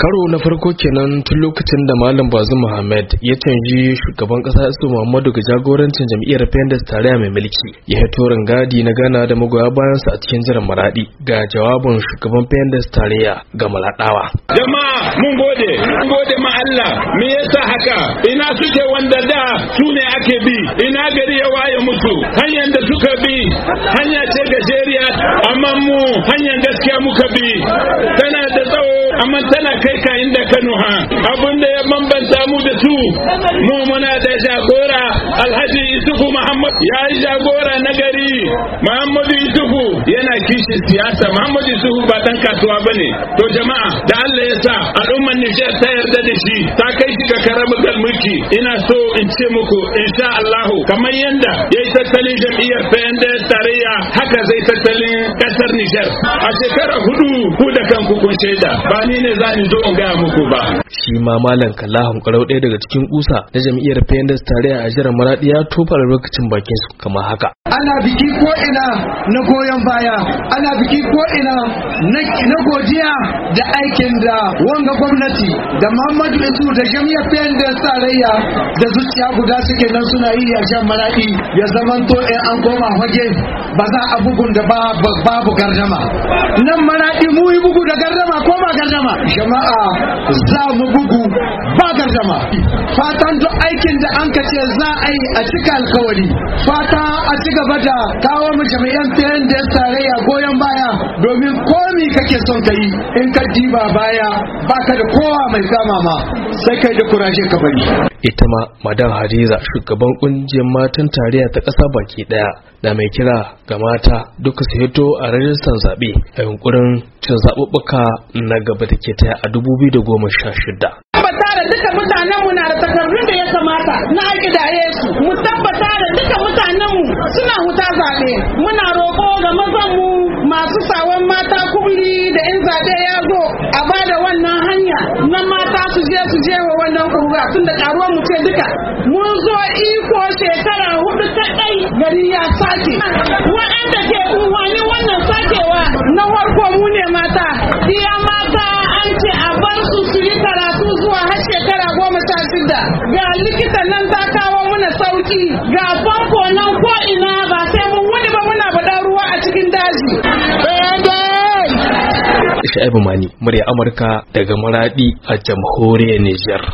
karo na farko kenan tun lokacin da malam bazu muhammad ya canji shugaban kasa isu muhammadu ga jagorancin jam'iyyar pendas tarayya mai mulki ya hito gadi na gana da magoya sa a cikin jiran maradi ga jawabin shugaban pendas tarayya ga maladawa jama'a mun gode mun gode ma Allah me yasa haka ina suke wanda da su ne ake bi ina gari ya waye musu hanyar da suka bi hanya ce gajeriya amma mu hanyar gaskiya muka bi amma tana kai ka inda ka nuha abin da ya bambanta mu da su mu muna da jagora alhaji isufu muhammad ya yi jagora na gari muhammadu isufu yana kishin siyasa muhammadu isufu ba dan kasuwa ba ne to jama'a da allah ya sa al'ummar nijar ta yarda da shi ta kai shi ga karamakar mulki ina so in ce muku insha allahu kamar yanda ya yi tattalin jam'iyyar fayyar da tarayya haka zai tattalin Nijar a shekarar hudu ku da kanku kun shaida ba ni ne za in zo in gaya muku ba. Shi ma Malam Kalla Hankarau ɗaya daga cikin kusa na jam'iyyar PNDS tarayya a jihar Maradi ya tofa lokacin bakin su kamar haka. Ana biki ko ina na goyon baya, ana biki ko ina na godiya da aikin da wanga gwamnati da Muhammadu Isu da jam'iyyar PNDS tarayya da zuciya guda suke nan suna yi a jihar Maradi ya zamanto in eh, an koma fage ba za a bugun da babu gardama nan mana ɗi mu yi bugu da gardama ko ba gardama jama'a za mu bugu ba gardama fatan duk aikin da an kace za a yi a cika alkawari fata a ci gaba da kawo mu jami'an tayan da ya tarayya goyon baya domin komi kake son ka yi in ka diba baya baka da kowa mai kama ma sai kai da kurashe ka bari ita ma madan hadiza shugaban kungiyar matan tarayya ta ƙasa baki ɗaya da mai kira ga mata duk su hito a rajistan zaɓe a yunkurin cin zaɓuɓɓuka na gaba da ke taya a 2016 duka mutanenmu na da takardun da ya kamata na aƙidaye su mu tabbata da duka mutanenmu suna huta zaɓe muna roƙo ga mazanmu masu sawan mata kulli da in zaɓe ya zo a ba da wannan hanya na mata su je su ruwa tun da karuwar mu ce duka mun zo iko shekara hudu ta ɗai gari ya sake waɗanda ke unwani wannan sakewa na warko mu ne mata iya mata an ce a bar su su yi karatu zuwa har shekara goma sha shida ga likita nan ta kawo mana sauki ga famfo nan ko ina ba sai mun wani ba muna baɗan ruwa a cikin daji Sha'ibu Mani, murya Amurka daga Maradi a jamhuriyar Nijar.